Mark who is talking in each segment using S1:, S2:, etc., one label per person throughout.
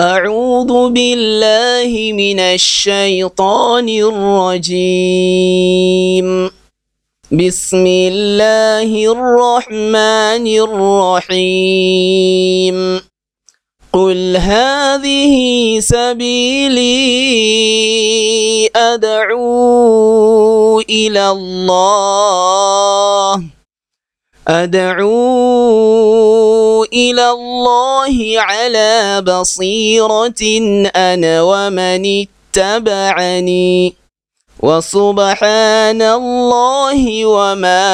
S1: أعوذ بالله من الشيطان الرجيم بسم الله الرحمن الرحيم قل هذه سبيلي أدعو إلى الله أدعو إلى الله على بصيرة أنا ومن اتبعني وسبحان الله وما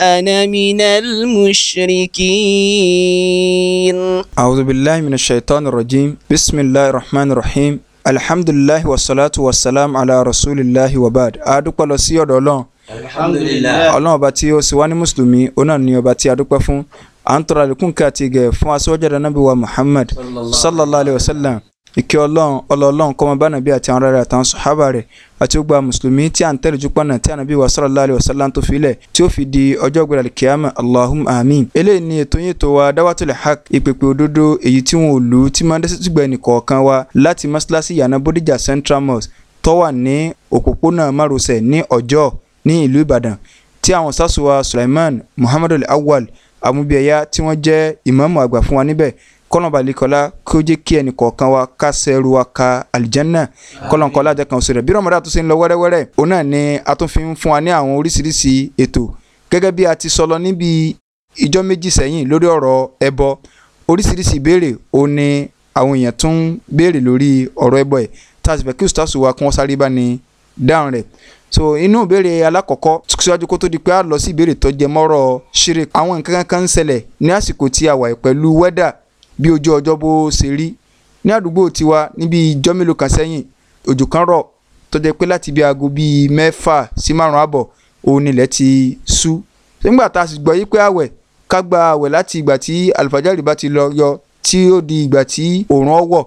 S1: أنا من المشركين أعوذ بالله من الشيطان الرجيم بسم الله الرحمن الرحيم الحمد لله والصلاه والسلام على رسول الله وبعد ادعو الله ọ̀dọ̀ Ọlọ́run alhamdulilayi ọlọ́run ọba tí ó sì wá ní mùsùlùmí òun náà ni ọba tí a dúpẹ́ fún à ń tọrọ àlékún kí àti ìgẹ̀ fún aṣọ́jà dánábì wa muhammad sallallahu alayhi wa sallam ìkẹ́ ọlọ́run ọlọ́ọ̀lọ́run kọ́mọ bá nàbí àti àwọn ará rẹ̀ àtàwọn sọ̀hábà rẹ̀ àti gbogbo mùsùlùmí tí à ń tẹ̀lé ju pọ̀nà tí ànábì wa sallallahu alayhi wa sallam tó filẹ̀ tí ó fi di ọjọ́ gbèrè kíámà allahumma amin. eléyìí ni ètò yín tó wa dáwàtò lè haq ìpèpè òdodo èyí tí wọn ò lù ú tí máa ń dẹ́sẹ̀ tìgbà ẹnì kọ̀ọ̀kan wa láti mọ́ṣáláṣí yànnà bódìjà central mosque tó wà ní òpópónà márosẹ̀ ní ọjọ́ ní ìlú ìbàdàn tí àwọn sásùwà suleiman muhammadu awal amúbíẹ̀yà tí wọ́n jẹ́ ìmáàmù àgbà fún wa níbẹ̀ kọlọ̀nbalẹ̀kọ́lá kí ó jẹ́ kí ẹnì kọ̀ọ̀kan wa ká sẹ́rù wa ka àlìjánná kọlọ̀nkọ́lá jẹ́ kan sọ̀rọ̀ bí rọmọdá tó ṣe ń lọ wẹ́rẹ́wẹ́rẹ́ òun náà ni a tún fi ń fún wa ní àwọn oríṣiríṣi ètò gẹ́gẹ́ bí a ti sọ lọ níbi ìjọ méjì sẹ́yìn lórí ọ̀rọ̀ ẹbọ oríṣiríṣi ìbéèrè òun ni àwọn èèyàn tún béèrè lórí ọ̀rọ̀ ẹbọ ẹ̀ tá a sì fẹ́ kí ustaṣu wa kí wọ́n sáré bá ní dáhùn rẹ̀ so inú ìbéèrè alákọ̀ọ́kọ́ síwájú kó tó di pé a lọ sí ìbéèrè tó jẹ mọ́rọ̀ ṣírìkì àwọn nǹkan kan ń ṣẹlẹ̀ ní àsìkò tí a wà pẹ̀lú wẹ́dà bí ojú ọjọ́ bó ṣe rí ní àdúgbò tiwa níbi ìjọ́ mélòó kan sẹ́yìn òjò kan rọ̀ tó jẹ́ pé láti bí aago bíi mẹ́fà sí márùn-ún àbọ̀ òun nílẹ̀ ti ṣú nígbà tá a sì gbọ́ yí pé àwẹ̀ ká gba àwẹ̀ láti ìgbà tí àlùfájàrí bá ti lọ yọ tí ó di ìgbà tí òòrùn ọwọ̀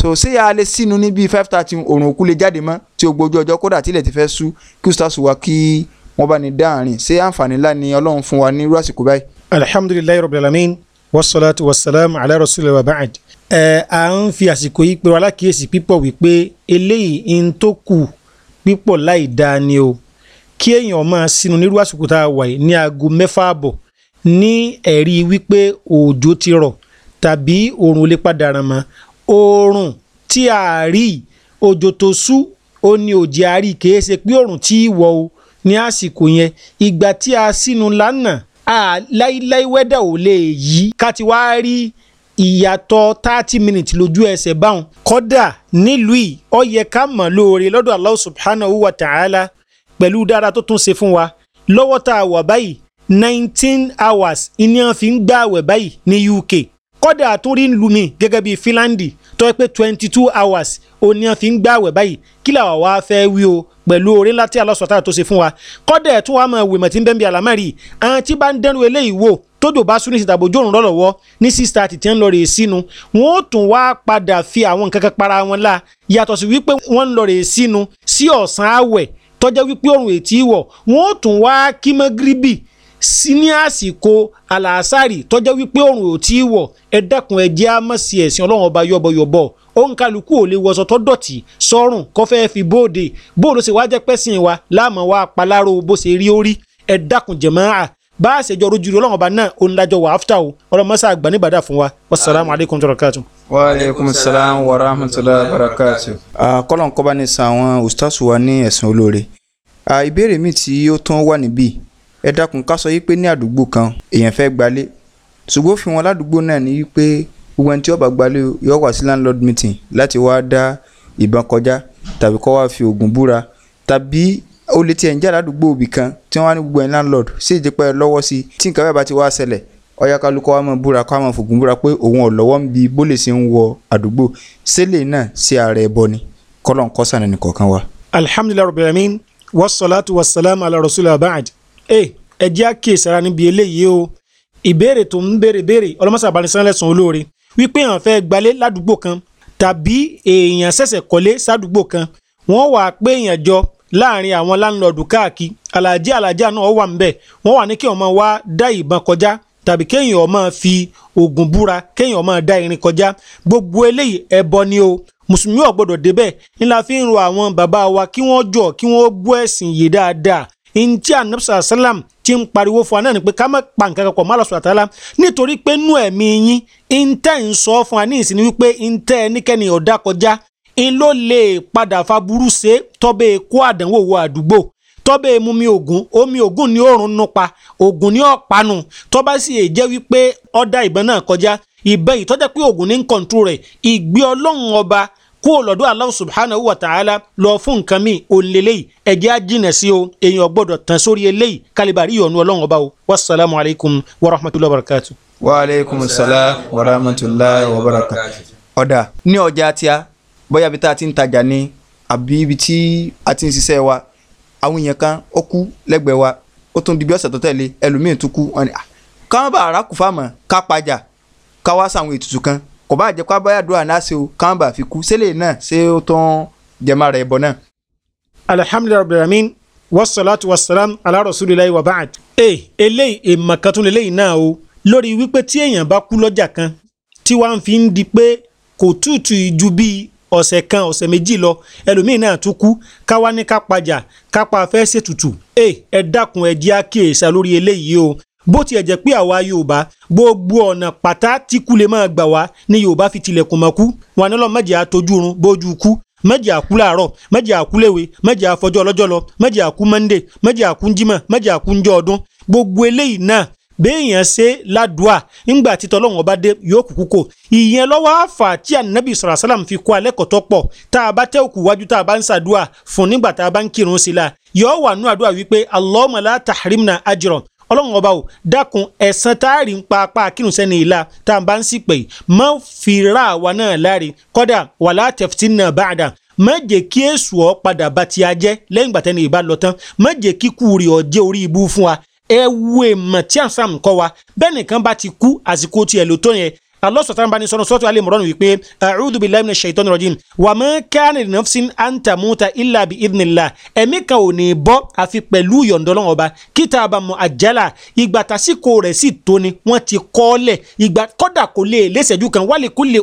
S1: so ṣé yàrá lè sínú ní bíi five thirty òrùn òkú lè jáde mọ́ tí o gbójú ọjọ́ kódà tí ilẹ̀ ti fẹ́ ṣú kí stars wa kí wọ́n bá ní dáàrin ṣé àǹfààní ńlá ni ọlọ́run fún wa ní irú àsìkò báyìí. alhamdulilayi rabbil alamin wasalaatu wasalaam ala rasulillah wa ba'ad. ẹ
S2: à ń fi àsìkò yìí pé alákìyèsí pípọ̀ wípé eléyìí ń tó kù pípọ̀ láì dáa ni o kí èèyàn máa sínú nírú àsìkò tá a wà yìí ní aago mẹ́fà àbọ̀ ní ẹ̀rí wípé òjò ti rọ̀ tàbí oòrùn lè padà ràn oòrùn tí a rí òjò tó sú ó ní òjì àárí kìí ṣe pé oòrùn tí ì wọ̀ o ní àsìkò yẹn ìgbà tí a sínú lánàá a láíláí wẹ́dà ò lè yí ká ti wá rí ìyàtọ̀ thirty minutes lójú ẹsẹ̀ báwọn kọ́dà nílùú yìí ó yẹ ká mọ̀ lóore lọ́dọ̀ Allah subhanahu wa ta'ala pẹ̀lú dára tó tún ṣe fún wa lọ́wọ́ tá a wà báyìí nineteen hours ìní à ń fi ń gbààwẹ̀ báyìí ní UK kọ́dà torí ń lumi mi gẹ́gẹ́ bíi Finlandi tó yẹ pé twenty two hours òní à fi ń gbààwẹ̀ báyìí kí làwa wá fẹ́ wí o pẹ̀lú orí ńlá tí alọ́sọ̀tà tó ṣe fún wa kọ́dà ẹ̀ tún wàá mọ̀ wèmọ̀ tí ń bẹ́ẹ̀ bí àlámẹ́rì àwọn tí bá ń dẹnu eléyìí wò tójò bá sún ní ìsìtàbò jòrùn lọ́lọ́wọ́ ní six thirty tí ń lọ sínú wọn ó tún wá padà fi àwọn nǹkan para wọn la yàtọ̀ sí wípé wọ́n ń lọ rèé sínú sí ọ̀sán àwẹ̀ tọ́jẹ́ wípé òrùn ètí wọ̀ wọn ó tún wá sí ní àsìkò àlàásàrì tọ́jọ́ wípé òrùn ò tí ì wọ̀ ẹ dákun ẹ jẹ́ á mọ̀ sí ẹ̀sìn ọlọ́run ọba yọ̀bọ̀yọ̀bọ̀ òǹkàlùkù ò lè wọṣọ tó dọ̀tí sọ́rùn kó fẹ́ fi bóde bóòlù ṣe wá jẹ́ pẹ́sìn wa láàmú wa paláró bó ṣe rí ó rí ẹ dákun jàmáà bá a ṣèjọ rojú ọlọ́run ọba náà òun lájọ wà áfítà o ọlọ́run mọ́sá àgbà nígbàdà fún wa wasalaamu aleykum turakatu. wa
S1: aleykum salaam wa rahmatulah barakatu. kọ́lọ̀ ń kọ́ bá ní sàn àwọn ustaṣu wa ní ẹ̀sìn olóore ìbéèrè mi tí ó tún wà níbí ẹ dákun ká sọ yí pé ní àdúgbò kan èèyàn fẹ́ gbalé ṣùgbọ́n fi wọn ládùúgbò náà ní pé gbogbo ẹni tí ọba gbalé yóò wá sí landlord meeting láti wá dá ìbọn kọjá tàbí kó wá fi oògùn búra tàbí ó lè tiẹ̀ ń jà ládùúgbò òbí kan tí wọ́n á ní gbogbo ẹni landlord sì ti pẹ́ lọ́wọ́ sí tí nǹkan bẹ́ẹ̀ bá ti wá ṣẹlẹ̀ ọyá kálukọ́ wa máa búra kó a fògùn búra pé òun ò lọ́wọ́ ń bi bó lè ṣe ń wọ àdúgbò sẹ́lẹ̀ náà sí ààrẹ ẹ̀bọ ni kọ́lọ́n kọ́sàn ẹnì kọ̀ọ̀kan wa.
S2: alhamdulilayi rabbil alamin wasalaatu wasalaamu ala rasulillah baad ẹ ẹ jẹ́ àkíyèsára níbi eléyìí o ìbéèrè tó ń béèrè béèrè ọlọ́mọsà abánisánlẹ̀sán olóore wípé èèyàn fẹ́ gbalé ládùúgbò kan tàbí èèyàn ṣẹ̀ṣẹ̀ kọ́lé sádùúgbò kan wọ́n wà pé èèyàn jọ láàrin àwọn láńlọ́ọ̀dù káàkiri aláàjì aláàjì àná wà ń wọ́n wà ní kí ọmọ wa dá ìbọn kọjá tàbí kéèyàn ọmọ fi oògùn búra kéèyàn ọmọ dá irin kọjá gbogbo eléyìí ẹbọ ni o mùsùlùmí ò gbọdọ̀ débẹ̀ ńlá fi ń rọ àwọn bàbá wa kí wọ́n jọ kí wọ́n gbọ́ ẹ̀sìn yìí dáadáa n tí salam ti ń pariwo fún wa ni pé ká má pa nǹkan kan pọ̀ má lọ sọ̀rọ̀ àtàlá nítorí pé nú ẹ̀mí yín n tẹ́ ń sọ fún wa ní ìsìn wípé n ẹnikẹ́ni ọ̀dà kọjá n ló lè padà fa burú ṣe tọ́bẹ̀ kó àdánwò wo àdúgbò tọ́bẹ̀ mi omi ògùn ni òórùn nu pa ògùn ni ọ̀pánu tọ́ba sì è jẹ́ wípé ọ̀dà ìbọn náà kọjá pé ògùn ní kọ̀ǹtù rẹ̀ ìgbé ọlọ́run ọba kó o lọ́dọ̀ Allah subhanahu wa ta'ala lọ fún nǹkan mi ò lélẹ́yìí ẹ̀jẹ̀ á jìnà sí o èèyàn gbọ́dọ̀ tán sórí eléyìí kálíbàárì yọ̀ọ̀nù ọlọ́run ọba o wasalaamu alaykum
S1: wa rahmatulahi wa barakatu. wa aleykum salaam wa rahmatulahi wa barakatu. ọ̀dà ní ọjà tíá bóyá ibi tá a ti ń tajà ni àbí ibi tí a ti ń ṣiṣẹ́ wa àwọn èèyàn kan ó kú lẹ́gbẹ̀ẹ́ wa ó tún di bí ọ̀sẹ̀ tó tẹ̀lé ẹlòmíì tún kú ah, káwọn bá kò bá jẹ́ pábá àdúrà náà ṣe o kàn bá fi kú sílẹ̀ náà ṣé ó tán jẹ́má rẹ̀ bọ̀ náà.
S2: alhamdulilayi rabbil alamin wasalaatu wasalaam ala wa baad. ee eh, eléyìí èèmọ̀ kan náà o lórí wípé tí èèyàn bá kú lọ́jà kan tí wàá fi ń di pé kò túùtù ju bíi ọ̀sẹ̀ kan ọ̀sẹ̀ méjì lọ ẹlòmíín náà tún kú káwa ní ká pàjà kápá fẹ́ ṣètùtù ẹ eh, ẹ dákun ẹ jẹ́ àkíyèsá lórí eléyìí o bó tiẹ̀ jẹ́ pé àwa yorùbá gbogbo ọ̀nà pátá tí kú lè máa gbà wá ní yorùbá fi tilẹ̀kùn mọ́ kú wọn lọ mẹ́jẹ̀ àtọ́jú oorun bójú kú mẹ́jẹ̀ àkú làárọ̀ mẹ́jẹ̀ àkú léwe mẹ́jẹ̀ àfọjọ́ ọlọ́jọ́ lọ mẹ́jẹ̀ àkú mọ́ndé mẹ́jẹ̀ àkú jímọ̀ mẹ́jẹ̀ àkú njọ́ ọdún gbogbo eléyìí náà béèyàn ṣe ládùá nígbà tí tọ́lọ́wọ́n bá dé yóò kúkú kò ìyẹn lọ́wọ́ àfà tí ànábì sọ̀rọ̀ sálàm fi kó alẹ́ pọ̀ tá a bá tẹ́ òkú wájú tá a bá ń ṣàdúà fún nígbà tá a bá ń kírun sí la yọ̀ọ́ wà nú àdúà wípé Allahumma la tahrimna ajran ọlọ́run ọba o dákun ẹ̀san táàrí ń pa apá akínú sẹ́ni ìlà tá a bá ń sì pè má fi ra àwa náà láre kọ́dà wàlá taftinna ba'da má jẹ́ kí èṣù ọ̀ padà bá ti a jẹ́ lẹ́yìn gbàtẹ́ni ìbá lọ tán má jẹ́ kí kúrì ọ̀ orí ibú fún wa ẹ wo èèmọ̀ tí àǹsàmù wa bẹ́ẹ̀ nìkan bá ti kú àsìkò tiẹ̀ ló yẹn Allah sọ̀tàn bá ní sọ́nà sọ́tù alẹ́ mọ̀rán wípé a'udhu billahi minash shaitonir rajim wa ma kana li nafsin an tamuta illa bi idhnillah ẹ̀mí kan ò ní bọ́ àfi pẹ̀lú yọ̀ǹdọ́lọ́wọ́ ọba kitaban mu'ajjala ìgbà tásìkò rẹ̀ sì tóni wọ́n ti kọ́ọ́lẹ̀ ìgbà kọ́dà kò lè léṣẹ́jú kan wa li kulli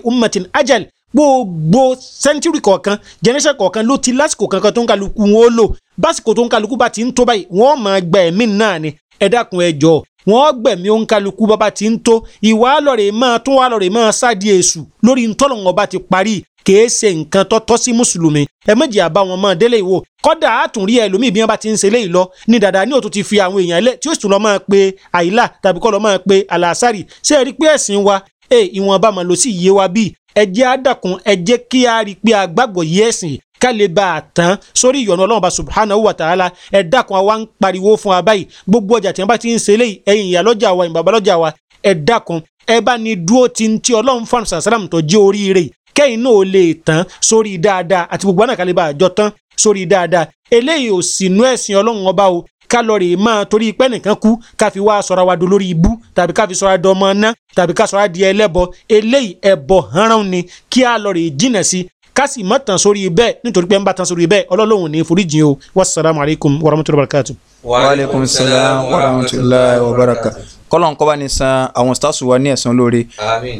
S2: ajal gbogbo sẹ́ńtúrì kọ̀ọ̀kan jẹ́nẹ́sẹ̀ kọ̀ọ̀kan ló ti lásìkò kankan tó ń kálukú wọn ó lò básìkò tó ń kálukú bá ti ń tó báyìí wọ́n máa gba ẹ̀mí náà ni ẹ dákun ẹ jọ̀ọ́ wọ́n gbẹ̀mí òǹkàlùkù bàbá tí ń tó ìwà lọ́rẹ̀ máa tún wà lọ́rẹ̀ máa sáàdì èṣù lórí ntọ́lọ́wọ́n ọba ti parí kèé ṣe nǹkan tọ́tọ́ sí mùsùlùmí ẹ méjì àbá wọn mọ́ délé ìwò kọ́dà àtúnrí ẹlòmíì bí wọ́n bá ti ń ṣe léyìí lọ ní dàdà ní òtún ti fi àwọn èèyàn lẹ̀ tí ó sì tún lọ́ máa pe àìlà tàbí kọ́ lọ́ máa pe àlàásárì ṣé ẹ rí pé ẹ̀sìn wa ẹ ìwọ̀nba mọ̀ ló sì yé wa bíi ẹ jẹ́ àdàkùn ẹ jẹ́ kí a rí pé àgbàgbọ́ yé ẹ̀sìn ká lè bá a tán sórí ìyọnu ọlọ́run bá subhanahu wa ta'ala ẹ dákun àwa ń pariwo fún wa báyìí gbogbo ọjà tí wọ́n bá ti ń ṣe léyìí ẹ̀yin ìyá lọ́jà wa ìbàbá lọ́jà wa ẹ dákun ẹ bá ní dúró ti ń ti ọlọ́run fún sàlám tó jẹ́ oríire kẹ́yìn náà lè tán sórí dáadáa àti gbogbo àná bá a jọ tán sórí dáadáa eléyìí ò sínú ẹ̀sìn ọlọ́run ọba o kálọ̀rì máa torí pé nìkan kú káfi wá sọ̀rọ̀ wa do lórí ibú tàbí káfi sọ̀rọ̀ dọmọ ná tàbí ká sọ̀rọ̀ di ẹlẹ́bọ eléyìí ẹ̀bọ hánrán ni kí á lọ̀rì jìnà sí kásì má tàn sórí bẹ́ẹ̀ nítorí pé ń bá tàn sórí bẹ́ẹ̀ ọlọ́lọ́hun ní foríjì o wasalaamu aleykum wa rahmatulahi wa barakatu.
S1: wa aleykum salaam wa rahmatulahi wa barakatu. kọ́lọ́n kọ́ba ní san àwọn stars wa ní ẹ̀san lóore.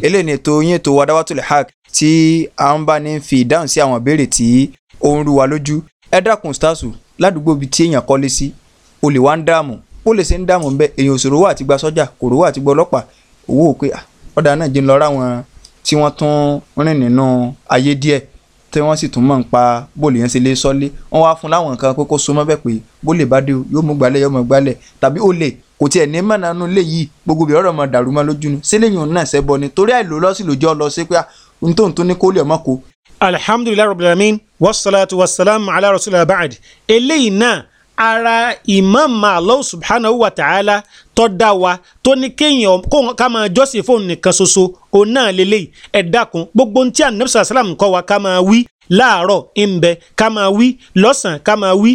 S1: eléyìí ni ètò yín ètò Wadawatul Haq tí a ń bá ní fi ìdáhùn sí àwọn ìbéèrè tí ó ń ru wa lójú. ẹ dákun stars ládùúgbò bíi tí èèyàn kọ́lé sí olè wa ń dààmú ó lè ṣe ń dààmú bẹ́ẹ̀ èèyàn òṣòro wà àti gba sọ́jà kòrò wà àti gba ọlọ́pàá owó òkè ọ̀dà náà jẹ́ ń lọ ra tí wọ́n tún rìn nínú ayé díẹ̀ tí wọ́n sì tún mọ̀ ń pa bóòlù yẹn ṣe lé sọ́lé wọ́n wá fún láwọn nǹkan pé kó so mọ́ bẹ́ẹ̀ pé bóòlù bá dé yóò mú gbalẹ̀ yóò mọ̀ gbalẹ̀ tàbí ó lè kò tiẹ̀ ní mọ̀nà nu lé yìí gbogbo ìbí mọ̀ dàrú mọ́ lójú nu sílẹ̀ yìí náà ṣẹ́ bọ́ ni torí àìlò lọ́sì lójọ́ lọ sí pé ntòun tó ní kó lè ọmọ kó. alhamdulilayi rabbil alamin wasalaatu wasalaamu ala rasulillah baad
S2: eléyìí náà ara ìmọ̀ọ́mà Allah subhanahu wa ta'ala tó dá wa tó ní kéèyàn ká máa jọ́sìn fóun nìkan ṣoṣo òun náà lélẹ́yìí ẹ dákun gbogbo ohun tí anabi sallallahu alayhi wa sallam kọ́ wa ká máa wí láàárọ̀ ńbẹ ká máa wí lọ́sàn-án ká máa wí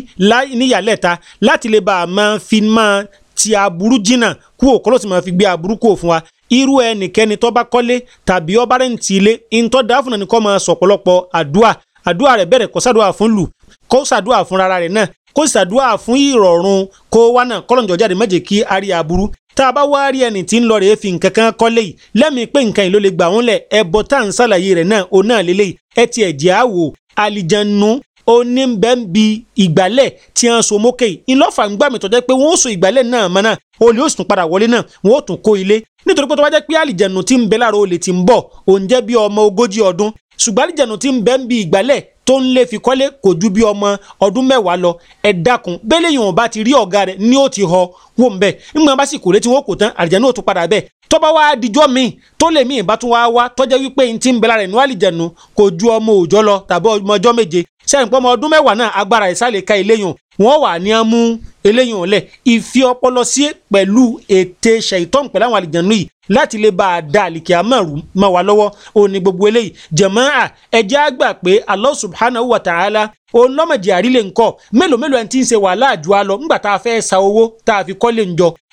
S2: níyàlẹ́ta láti lè bá a máa fi máa ti aburú jìnnà kú òkúrò tí máa fi gbé aburú kú òfun wa irú ẹnikẹ́ni tó bá kọ́lé tàbí ọba rẹ̀ ń ti ilé ń tọ́ dáfúnà ni kó máa sọ̀pọ̀lọpọ̀ àdúà àdúà rẹ̀ bẹ̀rẹ̀ kọ́sádùà fún lù kó ṣàdúrà fún rárá rẹ̀ náà kó ṣàdúrà fún ìrọ̀rùn kó wá náà kọ́lọ̀njọ́ jáde méje kí á rí aburú tá a bá wá rí ẹni tí ń lọ rèé fi nǹkan kan kọ́lé yìí lẹ́mìí pé nǹkan yìí ló lè gbà wọ́n lẹ̀ ẹbọ tá à ń ṣàlàyé rẹ̀ náà òun náà lélẹ́yìí ẹ ti ẹ̀jẹ̀ á wò àlìjànnú oníbẹ̀ǹbi ìgbálẹ̀ tí wọ́n so mókè yìí ńlọ́fà ń gbà mí tọ́jú pé wọ́n so ìgbálẹ̀ náà mọ́ náà olè ó sì tún padà wọlé náà wọ́n ó tún kó ilé nítorí pé tó bá jẹ́ pé àlìjànnú tí ń bẹ láàrọ̀ olè tí ń bọ̀ òun jẹ́ bí ọmọ ogójì ọdún ṣùgbọ́n àlìjànnú tí ń bẹ ń tó ń lé fi kọ́lé kò ju bí ọmọ ọdún mẹ́wàá lọ ẹ dákun bẹ́lẹ̀ yìí wọn bá ti rí ọ̀gá rẹ̀ ní ó ti họ wò ń bẹ̀ nígbà bá sì kò létí wọn kò tán àlìjẹ̀nu ò tún padà bẹ̀ tọ́ba wá dijọ́ mi tó lè mí ìbá tún wá wá tọ́jẹ́ wípé n ti ń bẹ̀rẹ̀ nínú àlìjẹ̀nu kò ju ọmọ òòjọ́ lọ tàbí ọmọ ọjọ́ méje sẹ́yìn pé ọmọ ọdún mẹ́wàá náà agbára ìsàlẹ̀ ka eléyùn wọ́n wà ní amú eléyùn ọ̀lẹ̀ ìfi ọpọlọ sí pẹ̀lú ète ṣèyítọ́n pẹ̀lú àwọn àlìjẹ̀nu yìí láti lè bá a dá àlìkí àmọ́rù mọ́ wa lọ́wọ́ òní gbogbo eléyìí jàmáà ẹ̀jẹ̀ á gbà pé Allah subhanahu wa ta'ala òun lọ́mọdé àrílẹ̀ ńkọ́ mélòó mélòó ẹni tí ń ṣe wàhálà àjò alọ ńgbà tá a fẹ́ sa owó tá a fi kọ́lé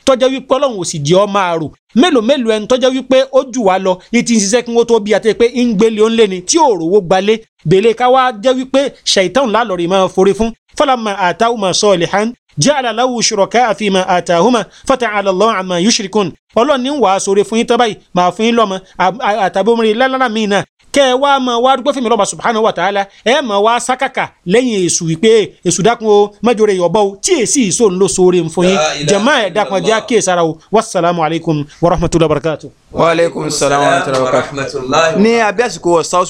S2: tọ́jọ́ ọ máa rò mélòó mélòó ẹni bí àti pé ń lé ni tí جعل lahu شركاء فيما atahuma فتعالى الله عما يشركون ọlọ́run ní wàá sọ̀rọ̀ fún yín tán báyìí màá fún yín lọ́mọ àtàbọ̀mọrin lálára mi náà kẹ́ ẹ wá máa wá dúpẹ́ fèmí lọ́ba subhanahu wa ta'ala ẹ máa wá sákàkà lẹ́yìn èṣù wípé èṣù dákun o mẹ́jọ rẹ̀ yọ̀bọ o tí èsì ìṣó ń lo sóore ń fún yín jẹ̀mọ́ ẹ̀ dákun ajá kí èsàrà o wasalaamu alaykum wa rahmatulahi wa barakatu.
S1: wa aleykum salaam wa rahmatulahi. ní abẹ́ àsìkò ọ̀sán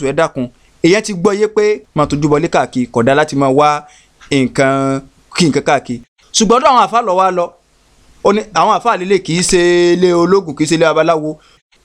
S1: ṣùgbọ́n ọ̀dọ̀ àwọn àfa lọ́wọ́ lọ àwọn àfa àlélẹ̀ kì í ṣe ilé ológun kì í ṣe ilé babaláwo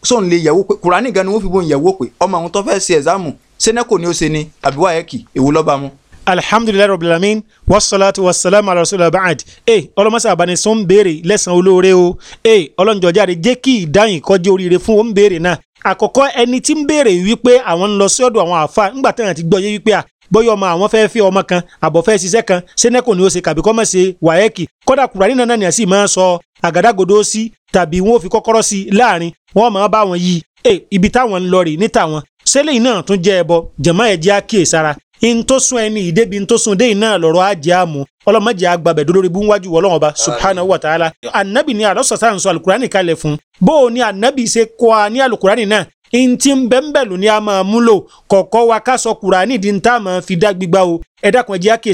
S1: sóun lè yẹ̀wò pé kùránì gan ni wọ́n fi bóun yẹ̀wò pé ọmọ àwọn tó fẹ́ ṣe ẹ̀sáàmù sẹ́nẹ́kò ni ó ṣe ni àbí wáyẹ̀kì èwo lọ́ba mu alhamdulilayi rabbil alamin wasalaatu
S2: wasalaamu ala rasulillah baad e ọlọmọsá abani sọ ń béèrè lẹ́san olóore o e ọlọ́njọ́jáde jẹ́ kí ìdáhìn kọjú oríire fún ó ń béèrè náà àkọ́kọ́ ẹni tí ń béèrè wípé àwọn ń lọ sí ọ̀dọ̀ àwọn àfa ńgbà tí wọ́n ti gbọ́ yé wípé bóyá ọmọ àwọn fẹ́ẹ́ fẹ́ ọmọ kan àbọ̀ fẹ́ẹ́ ṣiṣẹ́ kan sẹ́nẹ́kò ni ó ṣe kàbí kọ́ mọ̀ ṣe wáyẹ́kì kódà kùránì náà ni àṣì máa ń sọ àgádágodo sí tàbí wọn ò fi kọ́kọ́rọ́ sí láàrin wọn máa bá wọn yí e ibi táwọn ń lọ rè ní tàwọn sẹ́lẹ̀ náà tún jẹ́ ẹbọ jẹ̀mọ́ ẹ̀ jẹ́ àkíyèsára in tó sún ẹni ìdébi in tó sún déyìn náà lọ́rọ̀ ajé àmú ọlọ́mọdé agbábẹ̀ dolórí bú wájú ọlọ́run ọba subhanahu wa ta'ala anabi ni alọ́sọ̀tà ń sọ alukurani kalẹ̀ fún bó o ní anabi ṣe kọ́ a ní alukurani náà ntí ń bẹ́ńbẹ̀lù ni a máa múlò kọ̀ọ̀kọ́ wa ká sọ kùránì di ntá máa fi dá gbígbá o ẹ dákun ẹjẹ́ àkè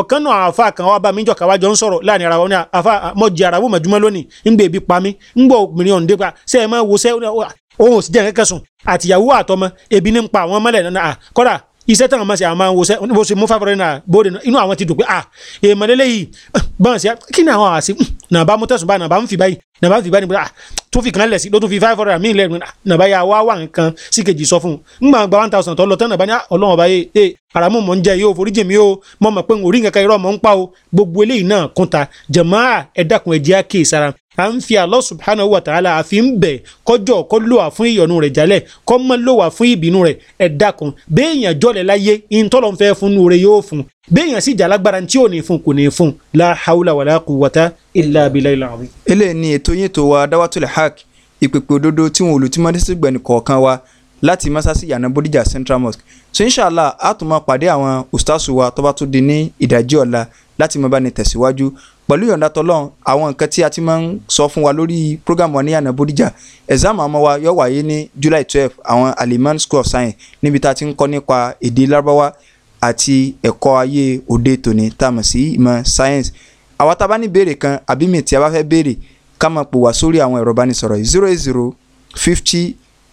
S2: ọ̀kan náà àwọn afa kan wa bá mi jọ kàwá jọ ń sọ̀rọ̀ láàrin ara wọn ni afa mọ̀jì ara wọn mọ̀júmọ́ lónìí ebi pa mí ń gbọ́ pa ṣé ẹ máa wo ṣẹ́ òun ò jẹ́ ebi àwọn ṣe àwọn máa ń bó ṣe mú náà bóde inú àwọn ti dùn pé à èèmọ̀ lélẹ́yìí bọ́n ṣe kí ni àwọn àṣẹ mú tẹ̀sùn báyìí nàbà fi bá ní bá ah, tó fi kan lẹ̀ sí fi five hundred mí lẹ́nu ah, nàbà yà wá wà nǹkan sí kejì sọ fún un ngbà gba one thousand tó lọ tán nàbà ní ah, ọlọ́run ọba yé aramu mọ̀ ń jẹ yóò forí jèmi o mọ̀ mọ̀ pé orí nǹkan irọ́ mọ̀ ń pa o gbogbo eléyìí náà kúnta jàmáà ẹ dákun ẹ jẹ́ àkíyèsára à ń fi Allah subhanahu wa ta'ala àfi ń bẹ̀ kọjọ́ kọ́ lò wá fún ìyọnu rẹ̀ jálẹ̀ kọ́ mọ́ lò wá fún ìbínú rẹ̀ ẹ̀dá kan béèyàn jọlẹ̀ láyé ìtọ́lọ̀ ń fẹ́ fún nu rẹ̀ yóò fún béèyàn sì jà lágbára tí ò ní fún kò ní
S1: fún la hawla wala quwwata illa billahil azim. eléyìí ni ètò yín tó wa dáwàtúlẹ̀ haq ìpèpè òdodo tí wọn ò lò tí pẹ̀lú ìyọ̀ǹda tọ́lọ́run àwọn nǹkan tí a ti máa ń sọ fún wa lórí program wa ní exam àmọ́ wa yóò wáyé ní July twelve àwọn Aliman School of Science níbi tá a ti ń kọ́ nípa èdè Lárúbáwá àti ẹ̀kọ́ ayé òde tòní tá a mọ̀ sí ìmọ̀ science àwa tá a bá ní béèrè kan àbí mi tí a bá fẹ́ béèrè ká máa pò wá sórí àwọn ẹ̀rọ ìbánisọ̀rọ̀ yìí zero eight zero fifty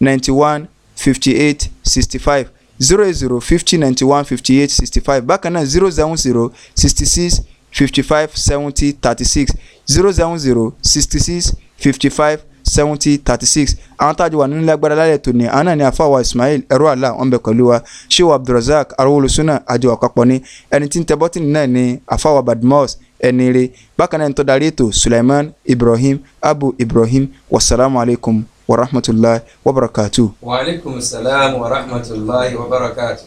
S1: ninety one fifty eight sixty five zero eight zero fifty ninety one fifty eight sixty five bákan náà zero seven zero sixty six fifty five seventy thirty six zero seven zero sixty six fifty five seventy thirty six àwọn tájú wà nínú lágbára lálẹ́ tòní àwọn náà ni àfàwà Ismail ẹ̀rọ àlà wọn bẹ pẹ̀lú wa ṣéwà Abdulrasaq arúgbólosúnà àjọ àpapọ̀ ni ẹni tí ń tẹ bọ́tìnì náà ni àfàwà Badmus ẹni rẹ bákan náà ń tọ́ darí ètò Sulaiman Ibrahim Abu Ibrahim wasalaamualeykum wa rahmatulahi wa barakatu. wa aleykum salaam wa rahmatulahi wa
S2: barakatu.